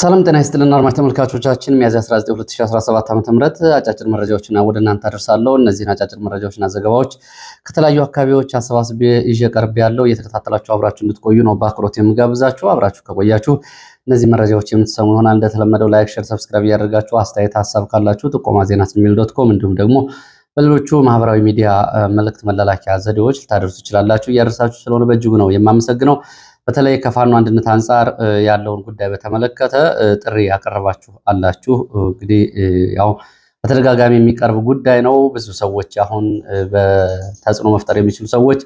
ሰላም ጤና ይስጥልን አድማጭ ተመልካቾቻችን፣ ሚያዝያ 19 2017 ም አጫጭር መረጃዎችና ወደ እናንተ አደርሳለሁ። እነዚህን አጫጭር መረጃዎችና ዘገባዎች ከተለያዩ አካባቢዎች አሰባስቤ ይዤ ቀርብ ያለው እየተከታተላችሁ አብራችሁ እንድትቆዩ ነው በአክብሮት የምጋብዛችሁ። አብራችሁ ከቆያችሁ እነዚህ መረጃዎች የምትሰሙ ይሆናል። እንደተለመደው ላይክ፣ ሼር፣ ሰብስክራይብ እያደርጋችሁ አስተያየት ሀሳብ ካላችሁ ጥቆማ ዜና ስሚል ዶት ኮም እንዲሁም ደግሞ በሌሎቹ ማህበራዊ ሚዲያ መልእክት መላላኪያ ዘዴዎች ልታደርሱ ይችላላችሁ። እያደርሳችሁ ስለሆነ በእጅጉ ነው የማመሰግነው። በተለይ ከፋኖ አንድነት አንጻር ያለውን ጉዳይ በተመለከተ ጥሪ ያቀረባችሁ አላችሁ። እንግዲህ ያው በተደጋጋሚ የሚቀርብ ጉዳይ ነው። ብዙ ሰዎች አሁን በተጽዕኖ መፍጠር የሚችሉ ሰዎች፣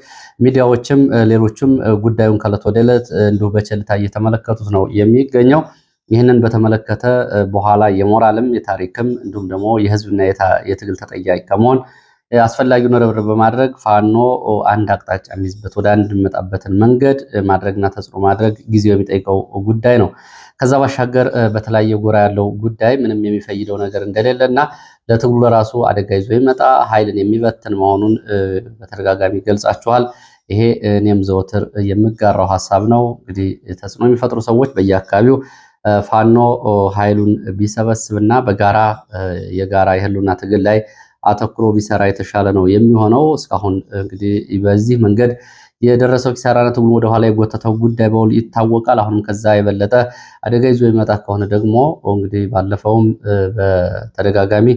ሚዲያዎችም ሌሎችም ጉዳዩን ከእለት ወደ ለት እንዲሁ በቸልታ እየተመለከቱት ነው የሚገኘው። ይህንን በተመለከተ በኋላ የሞራልም የታሪክም እንዲሁም ደግሞ የህዝብና የትግል ተጠያቂ ከመሆን አስፈላጊውን ርብርብ በማድረግ ፋኖ አንድ አቅጣጫ የሚይዝበት ወደ አንድ የሚመጣበትን መንገድ ማድረግና ተጽዕኖ ማድረግ ጊዜው የሚጠይቀው ጉዳይ ነው። ከዛ ባሻገር በተለያየ ጎራ ያለው ጉዳይ ምንም የሚፈይደው ነገር እንደሌለ እና ለትግሉ ለራሱ አደጋ ይዞ ይመጣ ኃይልን የሚበትን መሆኑን በተደጋጋሚ ገልጻችኋል። ይሄ እኔም ዘወትር የምጋራው ሀሳብ ነው። እንግዲህ ተጽዕኖ የሚፈጥሩ ሰዎች በየአካባቢው ፋኖ ኃይሉን ቢሰበስብና በጋራ የጋራ የህሉና ትግል ላይ አተኩሮ ቢሰራ የተሻለ ነው የሚሆነው። እስካሁን እንግዲህ በዚህ መንገድ የደረሰው ኪሳራና ትግሉን ወደኋላ የጎተተው ጉዳይ በውል ይታወቃል። አሁንም ከዛ የበለጠ አደጋ ይዞ የሚመጣ ከሆነ ደግሞ እንግዲህ ባለፈውም በተደጋጋሚ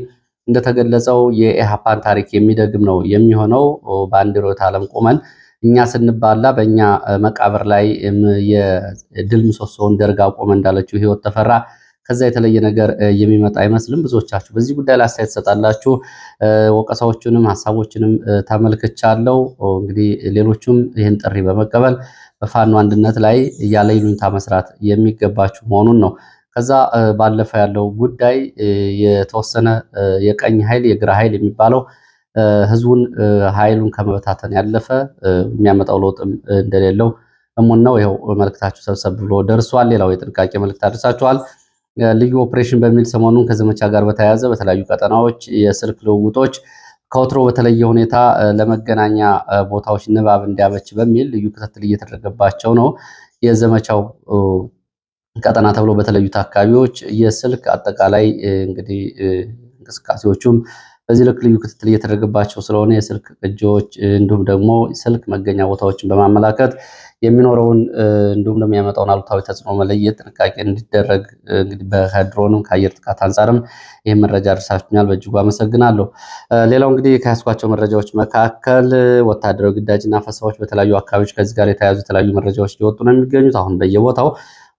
እንደተገለጸው የኢሃፓን ታሪክ የሚደግም ነው የሚሆነው። በአንድ ርዕዮተ ዓለም ቆመን እኛ ስንባላ በእኛ መቃብር ላይ የድል ምሰሶውን ደርጋ ቆመ እንዳለችው ህይወት ተፈራ ከዛ የተለየ ነገር የሚመጣ አይመስልም። ብዙዎቻችሁ በዚህ ጉዳይ ላይ አስተያየት ትሰጣላችሁ። ወቀሳዎቹንም ሀሳቦችንም ተመልክቻለሁ። እንግዲህ ሌሎቹም ይህን ጥሪ በመቀበል በፋኖ አንድነት ላይ ያለ ይሉኝታ መስራት የሚገባችሁ መሆኑን ነው። ከዛ ባለፈ ያለው ጉዳይ የተወሰነ የቀኝ ኃይል የግራ ኃይል የሚባለው ህዝቡን ኃይሉን ከመበታተን ያለፈ የሚያመጣው ለውጥም እንደሌለው እሙን ነው። ይኸው ሰብሰብ ብሎ ደርሷል። ሌላው የጥንቃቄ መልክት አድርሳችኋል። ልዩ ኦፕሬሽን በሚል ሰሞኑን ከዘመቻ ጋር በተያያዘ በተለያዩ ቀጠናዎች የስልክ ልውውጦች ከወትሮ በተለየ ሁኔታ ለመገናኛ ቦታዎች ንባብ እንዲያመች በሚል ልዩ ክትትል እየተደረገባቸው ነው። የዘመቻው ቀጠና ተብሎ በተለዩት አካባቢዎች የስልክ አጠቃላይ እንግዲህ እንቅስቃሴዎቹም በዚህ ልክ ልዩ ክትትል እየተደረገባቸው ስለሆነ የስልክ ቅጂዎች እንዲሁም ደግሞ ስልክ መገኛ ቦታዎችን በማመላከት የሚኖረውን እንዲሁም ደግሞ የሚያመጣውን አሉታዊ ተጽዕኖ መለየት ጥንቃቄ እንዲደረግ እንግዲህ ከድሮንም ከአየር ጥቃት አንጻርም ይህ መረጃ አድርሳችኛል፣ በእጅጉ አመሰግናለሁ። ሌላው እንግዲህ ከያስኳቸው መረጃዎች መካከል ወታደራዊ ግዳጅና ፈሳዎች በተለያዩ አካባቢዎች ከዚህ ጋር የተያያዙ የተለያዩ መረጃዎች እየወጡ ነው የሚገኙት። አሁን በየቦታው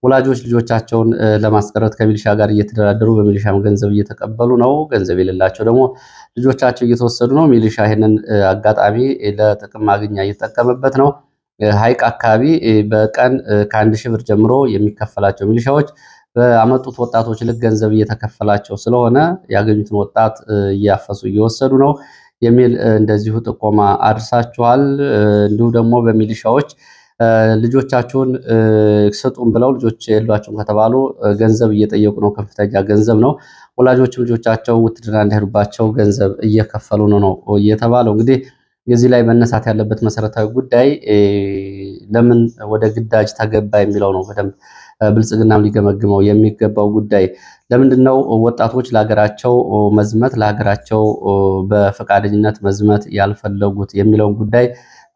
ወላጆች ልጆቻቸውን ለማስቀረት ከሚሊሻ ጋር እየተደራደሩ በሚሊሻም ገንዘብ እየተቀበሉ ነው። ገንዘብ የሌላቸው ደግሞ ልጆቻቸው እየተወሰዱ ነው። ሚሊሻ ይህንን አጋጣሚ ለጥቅም ማግኛ እየተጠቀመበት ነው። ሀይቅ አካባቢ በቀን ከአንድ ሺህ ብር ጀምሮ የሚከፈላቸው ሚሊሻዎች በአመጡት ወጣቶች ልክ ገንዘብ እየተከፈላቸው ስለሆነ ያገኙትን ወጣት እያፈሱ እየወሰዱ ነው የሚል እንደዚሁ ጥቆማ አድርሳችኋል። እንዲሁም ደግሞ በሚሊሻዎች ልጆቻችሁን ስጡን ብለው ልጆች የሏቸውም ከተባሉ ገንዘብ እየጠየቁ ነው። ከፍተኛ ገንዘብ ነው። ወላጆችም ልጆቻቸው ውትድና እንዳይሄዱባቸው ገንዘብ እየከፈሉ ነው ነው እየተባለው እንግዲህ የዚህ ላይ መነሳት ያለበት መሰረታዊ ጉዳይ ለምን ወደ ግዳጅ ተገባ የሚለው ነው። በደንብ ብልጽግናም ሊገመግመው የሚገባው ጉዳይ ለምንድን ነው ወጣቶች ለሀገራቸው መዝመት ለሀገራቸው በፈቃደኝነት መዝመት ያልፈለጉት የሚለውን ጉዳይ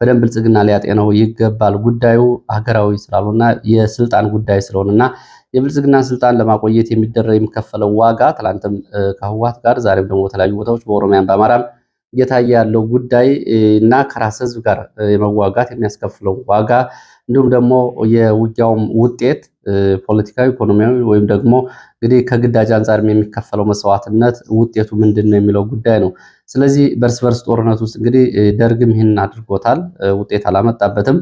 በደንብ ብልጽግና ሊያጤነው ይገባል። ጉዳዩ ሀገራዊ ስላልሆና የስልጣን ጉዳይ ስለሆነና የብልጽግና ስልጣን ለማቆየት የሚደረግ የሚከፈለው ዋጋ ትላንትም ከህዋት ጋር ዛሬም ደግሞ በተለያዩ ቦታዎች በኦሮሚያን በአማራም እየታየ ያለው ጉዳይ እና ከራስ ህዝብ ጋር የመዋጋት የሚያስከፍለው ዋጋ እንዲሁም ደግሞ የውጊያውም ውጤት ፖለቲካዊ፣ ኢኮኖሚያዊ ወይም ደግሞ እንግዲህ ከግዳጅ አንጻር የሚከፈለው መስዋዕትነት ውጤቱ ምንድን ነው የሚለው ጉዳይ ነው። ስለዚህ በርስ በርስ ጦርነት ውስጥ እንግዲህ ደርግም ይህን አድርጎታል፣ ውጤት አላመጣበትም።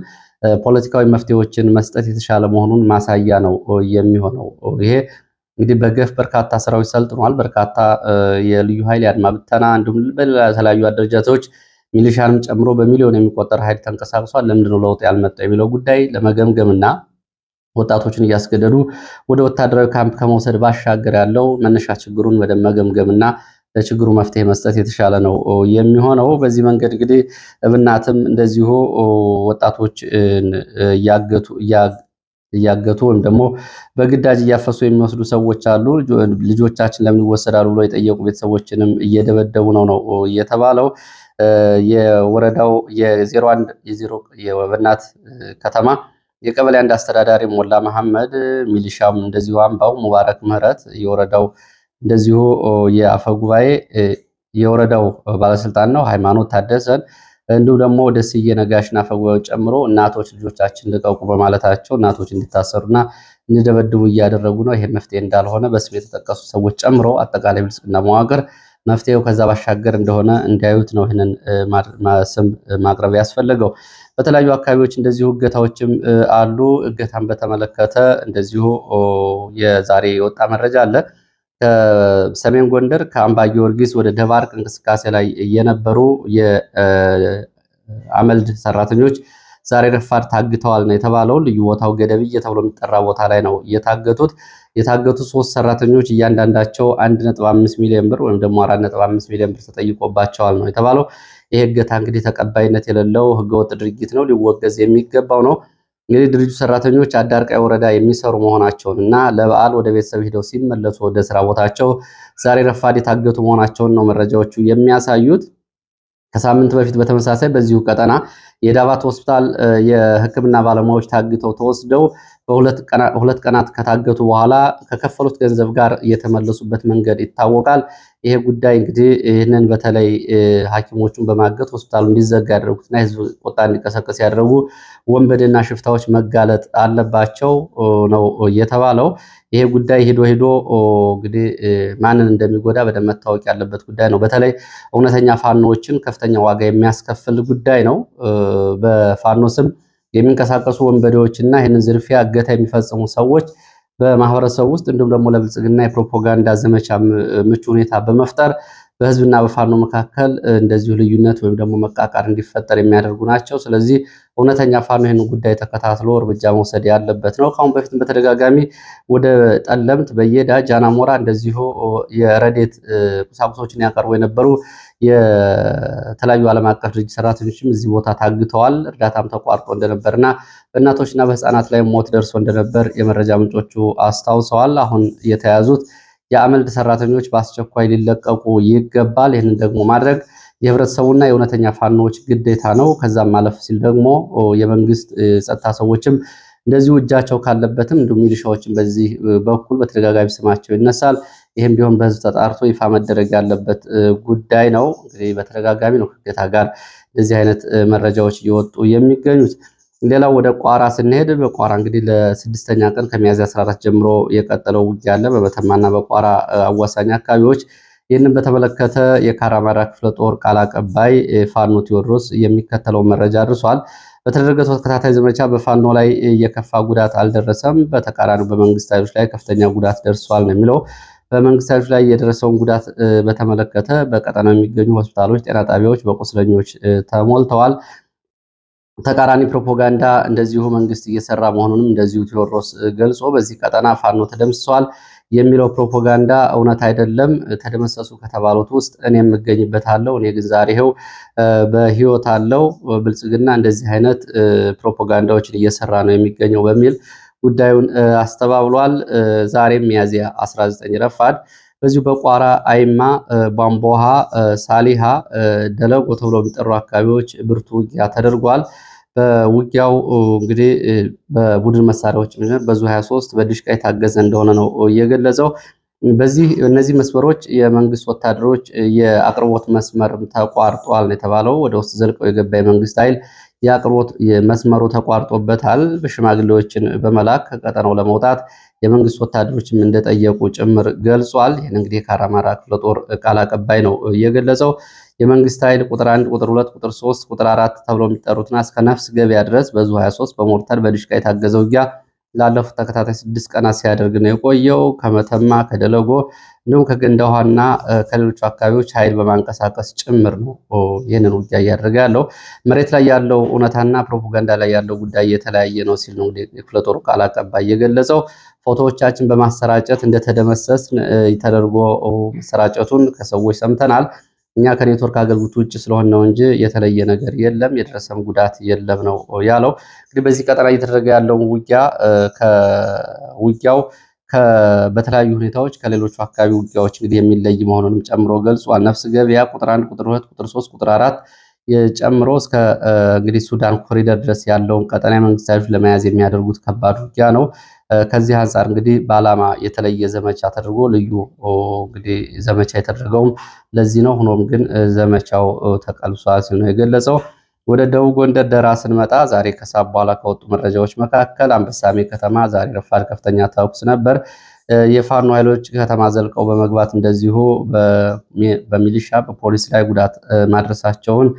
ፖለቲካዊ መፍትሄዎችን መስጠት የተሻለ መሆኑን ማሳያ ነው የሚሆነው ይሄ እንግዲህ በገፍ በርካታ ስራዎች ሰልጥኗል። በርካታ የልዩ ኃይል የአድማ ብተና እንዲሁም በተለያዩ የተለያዩ ሚሊሻንም ጨምሮ በሚሊዮን የሚቆጠር ኃይል ተንቀሳቅሷል። ለምንድነው ለውጥ ያልመጣ የሚለው ጉዳይ ለመገምገምና ወጣቶችን እያስገደዱ ወደ ወታደራዊ ካምፕ ከመውሰድ ባሻገር ያለው መነሻ ችግሩን ወደ መገምገምና ለችግሩ መፍትሄ መስጠት የተሻለ ነው የሚሆነው። በዚህ መንገድ እንግዲህ እብናትም እንደዚሁ ወጣቶች እያገቱ ወይም ደግሞ በግዳጅ እያፈሱ የሚወስዱ ሰዎች አሉ። ልጆቻችን ለምን ይወሰዳሉ ብሎ የጠየቁ ቤተሰቦችንም እየደበደቡ ነው ነው እየተባለው የወረዳው የዜሮ አንድ የዜሮ የወበናት ከተማ የቀበሌ አንድ አስተዳዳሪ ሞላ መሐመድ፣ ሚሊሻም እንደዚሁ አምባው ሙባረክ ምህረት፣ የወረዳው እንደዚሁ የአፈ ጉባኤ የወረዳው ባለስልጣን ነው ሃይማኖት ታደሰን እንዲሁ ደግሞ ወደ ነጋሽና ፈዋዮች ጨምሮ እናቶች ልጆቻችን ልቀቁ በማለታቸው እናቶች እንዲታሰሩና እንዲደበድቡ እያደረጉ ነው። ይሄ መፍትሄ እንዳልሆነ በስም የተጠቀሱ ሰዎች ጨምሮ አጠቃላይ ብልጽግና መዋቅር መፍትሄው ከዛ ባሻገር እንደሆነ እንዲያዩት ነው ይህንን ስም ማቅረብ ያስፈለገው። በተለያዩ አካባቢዎች እንደዚሁ እገታዎችም አሉ። እገታን በተመለከተ እንደዚሁ የዛሬ የወጣ መረጃ አለ። ከሰሜን ጎንደር ከአምባ ጊዮርጊስ ወደ ደባርቅ እንቅስቃሴ ላይ የነበሩ የአመልድ ሰራተኞች ዛሬ ረፋድ ታግተዋል ነው የተባለው። ልዩ ቦታው ገደብዬ ተብሎ የሚጠራ ቦታ ላይ ነው የታገቱት። የታገቱ ሶስት ሰራተኞች እያንዳንዳቸው 1.5 ሚሊዮን ብር ወይም ደግሞ 4.5 ሚሊዮን ብር ተጠይቆባቸዋል ነው የተባለው። ይሄ እገታ እንግዲህ ተቀባይነት የሌለው ህገወጥ ድርጊት ነው፣ ሊወገዝ የሚገባው ነው። እንግዲህ ድርጅቱ ሰራተኞች አዳርቃይ ወረዳ የሚሰሩ መሆናቸውን እና ለበዓል ወደ ቤተሰብ ሄደው ሲመለሱ ወደ ስራ ቦታቸው ዛሬ ረፋድ የታገቱ መሆናቸውን ነው መረጃዎቹ የሚያሳዩት። ከሳምንት በፊት በተመሳሳይ በዚሁ ቀጠና የዳባት ሆስፒታል የሕክምና ባለሙያዎች ታግተው ተወስደው በሁለት ቀናት ከታገቱ በኋላ ከከፈሉት ገንዘብ ጋር የተመለሱበት መንገድ ይታወቃል። ይሄ ጉዳይ እንግዲህ ይህንን በተለይ ሐኪሞቹን በማገት ሆስፒታሉ እንዲዘጋ ያደረጉትና የህዝብ ቁጣ እንዲቀሰቀስ ያደረጉ ወንበዴና ሽፍታዎች መጋለጥ አለባቸው ነው የተባለው። ይሄ ጉዳይ ሂዶ ሂዶ እንግዲህ ማንን እንደሚጎዳ በደንብ መታወቅ ያለበት ጉዳይ ነው። በተለይ እውነተኛ ፋኖዎችን ከፍተኛ ዋጋ የሚያስከፍል ጉዳይ ነው። በፋኖ ስም የሚንቀሳቀሱ ወንበዴዎች እና ይህንን ዝርፊያ እገታ የሚፈጽሙ ሰዎች በማህበረሰቡ ውስጥ እንዲሁም ደግሞ ለብልጽግና የፕሮፓጋንዳ ዘመቻ ምቹ ሁኔታ በመፍጠር በህዝብና በፋኖ መካከል እንደዚሁ ልዩነት ወይም ደግሞ መቃቃር እንዲፈጠር የሚያደርጉ ናቸው። ስለዚህ እውነተኛ ፋኖ ይህን ጉዳይ ተከታትሎ እርምጃ መውሰድ ያለበት ነው። ከአሁን በፊትም በተደጋጋሚ ወደ ጠለምት፣ በየዳ፣ ጃናሞራ እንደዚሁ የረዴት ቁሳቁሶችን ያቀርቡ የነበሩ የተለያዩ ዓለም አቀፍ ድርጅት ሰራተኞችም እዚህ ቦታ ታግተዋል። እርዳታም ተቋርጦ እንደነበርና በእናቶችና በህፃናት ላይ ሞት ደርሶ እንደነበር የመረጃ ምንጮቹ አስታውሰዋል። አሁን የተያዙት የአመልድ ሰራተኞች በአስቸኳይ ሊለቀቁ ይገባል። ይህንን ደግሞ ማድረግ የህብረተሰቡና የእውነተኛ ፋኖዎች ግዴታ ነው። ከዛም ማለፍ ሲል ደግሞ የመንግስት ጸጥታ ሰዎችም እንደዚሁ እጃቸው ካለበትም እንዲሁም ሚሊሻዎችን በዚህ በኩል በተደጋጋሚ ስማቸው ይነሳል ይህም ቢሆን በህዝብ ተጣርቶ ይፋ መደረግ ያለበት ጉዳይ ነው። እንግዲህ በተደጋጋሚ ነው ከጌታ ጋር እንደዚህ አይነት መረጃዎች እየወጡ የሚገኙት። ሌላው ወደ ቋራ ስንሄድ በቋራ እንግዲህ ለስድስተኛ ቀን ከሚያዝያ 14 ጀምሮ የቀጠለው ውጊያ አለ በመተማና በቋራ አዋሳኝ አካባቢዎች። ይህንን በተመለከተ የካራማራ ክፍለ ጦር ቃል አቀባይ ፋኖ ቴዎድሮስ የሚከተለው መረጃ አድርሷል። በተደረገ ተከታታይ ዘመቻ በፋኖ ላይ የከፋ ጉዳት አልደረሰም፣ በተቃራኒው በመንግስት ኃይሎች ላይ ከፍተኛ ጉዳት ደርሷል ነው የሚለው በመንግስታቶች ላይ የደረሰውን ጉዳት በተመለከተ በቀጠና የሚገኙ ሆስፒታሎች፣ ጤና ጣቢያዎች በቁስለኞች ተሞልተዋል። ተቃራኒ ፕሮፓጋንዳ እንደዚሁ መንግስት እየሰራ መሆኑንም እንደዚሁ ቴዎድሮስ ገልጾ በዚህ ቀጠና ፋኖ ተደምስሰዋል የሚለው ፕሮፓጋንዳ እውነት አይደለም። ተደመሰሱ ከተባሉት ውስጥ እኔ የምገኝበት አለው። እኔ ግን ዛሬው በህይወት አለው። ብልጽግና እንደዚህ አይነት ፕሮፓጋንዳዎችን እየሰራ ነው የሚገኘው በሚል ጉዳዩን አስተባብሏል። ዛሬም ሚያዝያ 19 ረፋድ በዚሁ በቋራ አይማ፣ ቧንቧሃ፣ ሳሊሃ፣ ደለጎ ተብሎ የሚጠሩ አካባቢዎች ብርቱ ውጊያ ተደርጓል። በውጊያው እንግዲህ በቡድን መሳሪያዎች ምክንያት በዙ 23 በድሽቃ የታገዘ እንደሆነ ነው እየገለጸው። በዚህ እነዚህ መስመሮች የመንግስት ወታደሮች የአቅርቦት መስመር ተቋርጧል የተባለው ወደ ውስጥ ዘልቀው የገባ የመንግስት ኃይል የአቅርቦት መስመሩ ተቋርጦበታል። በሽማግሌዎችን በመላክ ከቀጠናው ለመውጣት የመንግስት ወታደሮችም እንደጠየቁ ጭምር ገልጿል። ይህን እንግዲህ ከአራማራ ክፍለ ጦር ቃል አቀባይ ነው የገለጸው። የመንግስት ኃይል ቁጥር አንድ ቁጥር ሁለት ቁጥር ሶስት ቁጥር አራት ተብለው የሚጠሩትን እስከ ነፍስ ገበያ ድረስ በዙ 23 በሞርተር በድሽቃ የታገዘ ውጊያ ላለፉት ተከታታይ ስድስት ቀናት ሲያደርግ ነው የቆየው። ከመተማ ከደለጎ እንዲሁም ከገንዳ ውሃና ከሌሎቹ አካባቢዎች ኃይል በማንቀሳቀስ ጭምር ነው ይህንን ውጊያ እያደረገ ያለው። መሬት ላይ ያለው እውነታና ፕሮፓጋንዳ ላይ ያለው ጉዳይ የተለያየ ነው ሲል ነው የክፍለ ጦሩ ቃል አቀባይ የገለጸው። ፎቶዎቻችን በማሰራጨት እንደተደመሰስ ተደርጎ መሰራጨቱን ከሰዎች ሰምተናል። እኛ ከኔትወርክ አገልግሎት ውጭ ስለሆን ነው እንጂ የተለየ ነገር የለም፣ የደረሰም ጉዳት የለም ነው ያለው። እንግዲህ በዚህ ቀጠና እየተደረገ ያለውን ውጊያ ከውጊያው በተለያዩ ሁኔታዎች ከሌሎቹ አካባቢ ውጊያዎች እንግዲህ የሚለይ መሆኑንም ጨምሮ ገልጿል። ነፍስ ገበያ ቁጥር አንድ ቁጥር ሁለት ቁጥር ሶስት ቁጥር አራት ጨምሮ እስከ እንግዲህ ሱዳን ኮሪደር ድረስ ያለውን ቀጠና የመንግስት ኃይሎች ለመያዝ የሚያደርጉት ከባድ ውጊያ ነው። ከዚህ አንጻር እንግዲህ በዓላማ የተለየ ዘመቻ ተደርጎ ልዩ እንግዲህ ዘመቻ የተደረገውም ለዚህ ነው። ሆኖም ግን ዘመቻው ተቀልሷል ሲሆን የገለጸው። ወደ ደቡብ ጎንደር ደራ ስንመጣ ዛሬ ከሳብ በኋላ ከወጡ መረጃዎች መካከል አንበሳሜ ከተማ ዛሬ ረፋድ ከፍተኛ ተኩስ ነበር። የፋኖ ኃይሎች ከተማ ዘልቀው በመግባት እንደዚሁ በሚሊሻ በፖሊስ ላይ ጉዳት ማድረሳቸውን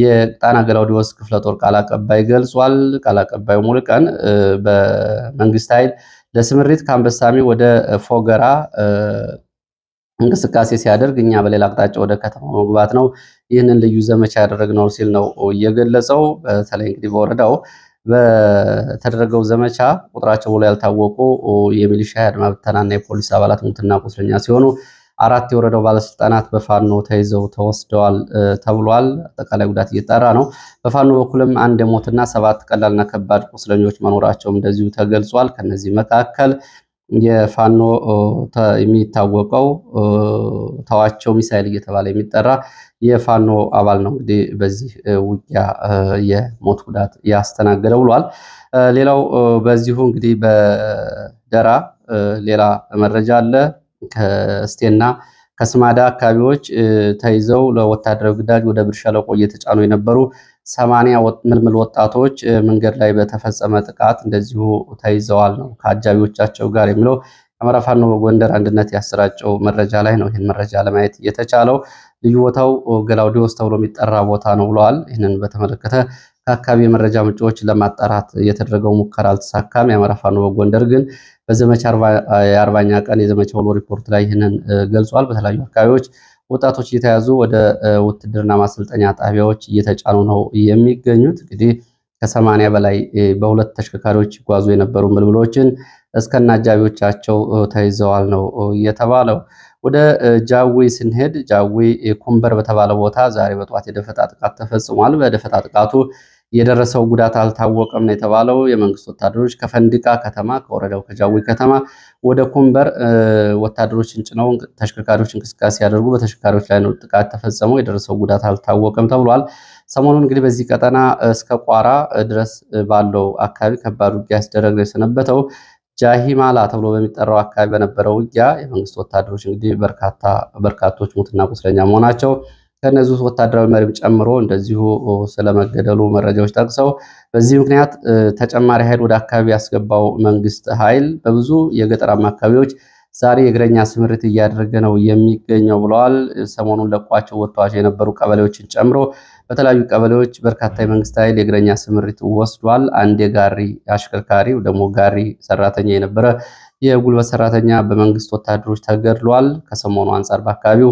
የጣና ገላውዲዮስ ክፍለ ጦር ቃል አቀባይ ገልጿል። ቃል አቀባዩ ሙሉቀን በመንግስት ኃይል ለስምሪት ከአንበሳሚ ወደ ፎገራ እንቅስቃሴ ሲያደርግ እኛ በሌላ አቅጣጫ ወደ ከተማ መግባት ነው ይህንን ልዩ ዘመቻ ያደረግነው ሲል ነው እየገለጸው። በተለይ እንግዲህ በወረዳው በተደረገው ዘመቻ ቁጥራቸው ብሎ ያልታወቁ የሚሊሻ የአድማ ብተናና የፖሊስ አባላት ሙትና ቁስለኛ ሲሆኑ አራት የወረዳው ባለስልጣናት በፋኖ ተይዘው ተወስደዋል ተብሏል። አጠቃላይ ጉዳት እየጠራ ነው። በፋኖ በኩልም አንድ የሞትና ሰባት ቀላልና ከባድ ቁስለኞች መኖራቸውም እንደዚሁ ተገልጿል። ከነዚህ መካከል የፋኖ የሚታወቀው ታዋቸው ሚሳኤል እየተባለ የሚጠራ የፋኖ አባል ነው እንግዲህ በዚህ ውጊያ የሞት ጉዳት ያስተናገደ ብሏል። ሌላው በዚሁ እንግዲህ በደራ ሌላ መረጃ አለ። ከስቴና ከስማዳ አካባቢዎች ተይዘው ለወታደራዊ ግዳጅ ወደ ብር ሸለቆ እየተጫኑ የነበሩ ሰማንያ ምልምል ወጣቶች መንገድ ላይ በተፈጸመ ጥቃት እንደዚሁ ተይዘዋል ነው ከአጃቢዎቻቸው ጋር የሚለው የአማራ ፋኖ በጎንደር አንድነት ያሰራጨው መረጃ ላይ ነው። ይህን መረጃ ለማየት እየተቻለው ልዩ ቦታው ገላውዲዮስ ተብሎ የሚጠራ ቦታ ነው ብለዋል። ይህንን በተመለከተ ከአካባቢ የመረጃ ምንጮች ለማጣራት የተደረገው ሙከራ አልተሳካም። የአማራ ፋኖ በጎንደር ግን በዘመቻ የአርባኛ ቀን የዘመቻ ውሎ ሪፖርት ላይ ይህንን ገልጿል። በተለያዩ አካባቢዎች ወጣቶች እየተያዙ ወደ ውትድርና ማሰልጠኛ ጣቢያዎች እየተጫኑ ነው የሚገኙት። እንግዲህ ከሰማንያ በላይ በሁለት ተሽከርካሪዎች ይጓዙ የነበሩ ምልምሎችን እስከና አጃቢዎቻቸው ተይዘዋል ነው የተባለው። ወደ ጃዊ ስንሄድ ጃዊ ኩምበር በተባለ ቦታ ዛሬ በጠዋት የደፈጣ ጥቃት ተፈጽሟል። በደፈጣ ጥቃቱ የደረሰው ጉዳት አልታወቀም ነው የተባለው። የመንግስት ወታደሮች ከፈንዲቃ ከተማ ከወረዳው ከጃዊ ከተማ ወደ ኩምበር ወታደሮችን ጭነው ተሽከርካሪዎች እንቅስቃሴ ያደርጉ በተሽከርካሪዎች ላይ ነው ጥቃት ተፈጸመው። የደረሰው ጉዳት አልታወቀም ተብሏል። ሰሞኑን እንግዲህ በዚህ ቀጠና እስከ ቋራ ድረስ ባለው አካባቢ ከባድ ውጊያ ሲደረግ ነው የሰነበተው። ጃሂማላ ተብሎ በሚጠራው አካባቢ በነበረው ውጊያ የመንግስት ወታደሮች እንግዲህ በርካቶች ሙትና ቁስለኛ መሆናቸው ከእነዚህ ውስጥ ወታደራዊ መሪም ጨምሮ እንደዚሁ ስለመገደሉ መረጃዎች ጠቅሰው በዚህ ምክንያት ተጨማሪ ኃይል ወደ አካባቢ ያስገባው መንግስት ኃይል በብዙ የገጠራማ አካባቢዎች ዛሬ የእግረኛ ስምሪት እያደረገ ነው የሚገኘው ብለዋል። ሰሞኑን ለቋቸው ወጥተዋቸው የነበሩ ቀበሌዎችን ጨምሮ በተለያዩ ቀበሌዎች በርካታ የመንግስት ኃይል የእግረኛ ስምሪት ወስዷል። አንድ የጋሪ አሽከርካሪ ደግሞ ጋሪ ሰራተኛ የነበረ የጉልበት ሰራተኛ በመንግስት ወታደሮች ተገድሏል። ከሰሞኑ አንጻር በአካባቢው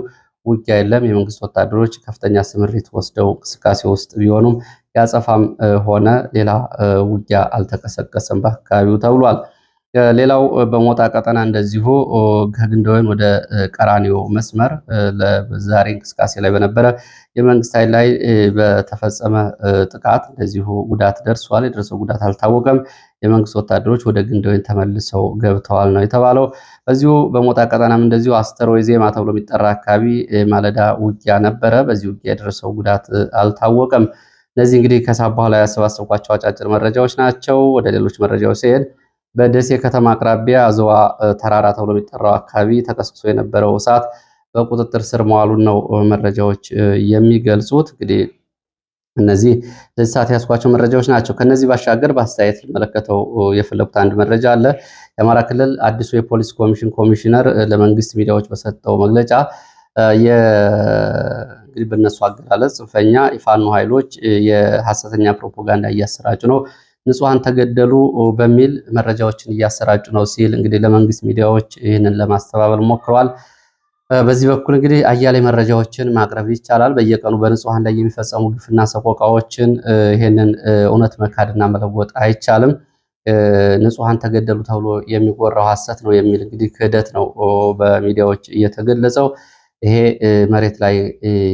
ውጊያ የለም። የመንግስት ወታደሮች ከፍተኛ ስምሪት ወስደው እንቅስቃሴ ውስጥ ቢሆኑም ያጸፋም ሆነ ሌላ ውጊያ አልተቀሰቀሰም በአካባቢው ተብሏል። ሌላው በሞጣ ቀጠና እንደዚሁ ከግንደ ወይን ወደ ቀራኒዮ መስመር ዛሬ እንቅስቃሴ ላይ በነበረ የመንግስት ኃይል ላይ በተፈጸመ ጥቃት እንደዚሁ ጉዳት ደርሷል። የደረሰው ጉዳት አልታወቀም። የመንግስት ወታደሮች ወደ ግንደወይን ተመልሰው ገብተዋል ነው የተባለው። በዚሁ በሞጣ ቀጠናም እንደዚሁ አስተሮይ ዜማ ተብሎ የሚጠራ አካባቢ ማለዳ ውጊያ ነበረ። በዚህ ውጊያ የደረሰው ጉዳት አልታወቀም። እነዚህ እንግዲህ ከሰዓት በኋላ ያሰባሰብኳቸው አጫጭር መረጃዎች ናቸው። ወደ ሌሎች መረጃዎች ሲሄድ በደሴ ከተማ አቅራቢያ አዘዋ ተራራ ተብሎ የሚጠራው አካባቢ ተቀስቅሶ የነበረው እሳት በቁጥጥር ስር መዋሉን ነው መረጃዎች የሚገልጹት እንግዲህ እነዚህ ለዚህ ሰዓት ያስኳቸው መረጃዎች ናቸው። ከነዚህ ባሻገር በአስተያየት ልመለከተው የፈለጉት አንድ መረጃ አለ። የአማራ ክልል አዲሱ የፖሊስ ኮሚሽን ኮሚሽነር ለመንግስት ሚዲያዎች በሰጠው መግለጫ እንግዲህ በነሱ አገላለጽ ጽንፈኛ የፋኖ ኃይሎች የሐሰተኛ ፕሮፓጋንዳ እያሰራጩ ነው፣ ንጹሐን ተገደሉ በሚል መረጃዎችን እያሰራጩ ነው ሲል እንግዲህ ለመንግስት ሚዲያዎች ይህንን ለማስተባበል ሞክረዋል። በዚህ በኩል እንግዲህ አያሌ መረጃዎችን ማቅረብ ይቻላል። በየቀኑ በንጹሐን ላይ የሚፈጸሙ ግፍና ሰቆቃዎችን ይህንን እውነት መካድና መለወጥ አይቻልም። ንጹሐን ተገደሉ ተብሎ የሚወራው ሐሰት ነው የሚል እንግዲህ ክህደት ነው በሚዲያዎች እየተገለጸው። ይሄ መሬት ላይ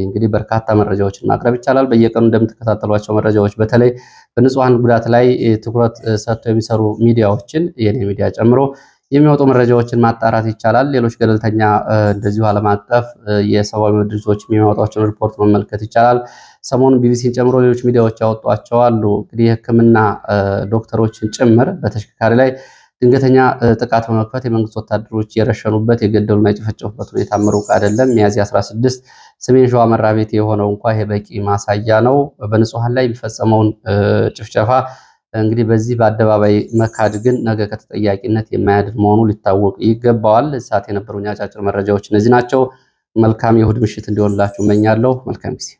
እንግዲህ በርካታ መረጃዎችን ማቅረብ ይቻላል። በየቀኑ እንደምትከታተሏቸው መረጃዎች በተለይ በንጹሐን ጉዳት ላይ ትኩረት ሰጥተው የሚሰሩ ሚዲያዎችን የኔ ሚዲያ ጨምሮ የሚወጡ መረጃዎችን ማጣራት ይቻላል። ሌሎች ገለልተኛ እንደዚሁ ዓለም አቀፍ የሰብአዊ መብት ድርጅቶች የሚያወጧቸውን ሪፖርት መመልከት ይቻላል። ሰሞኑን ቢቢሲን ጨምሮ ሌሎች ሚዲያዎች ያወጧቸው አሉ። እንግዲህ የሕክምና ዶክተሮችን ጭምር በተሽከርካሪ ላይ ድንገተኛ ጥቃት በመክፈት የመንግስት ወታደሮች የረሸኑበት የገደሉና የጨፈጨፉበት ሁኔታ ምሩቅ አይደለም። ሚያዝያ 16 ሰሜን ሸዋ መራቤት የሆነው እንኳ ይሄ በቂ ማሳያ ነው። በንጹሐን ላይ የሚፈጸመውን ጭፍጨፋ እንግዲህ በዚህ በአደባባይ መካድ ግን ነገ ከተጠያቂነት የማያድር መሆኑ ሊታወቅ ይገባዋል። ሰዓት የነበሩኝ አጫጭር መረጃዎች እነዚህ ናቸው። መልካም የእሁድ ምሽት እንዲሆንላችሁ እመኛለሁ። መልካም ጊዜ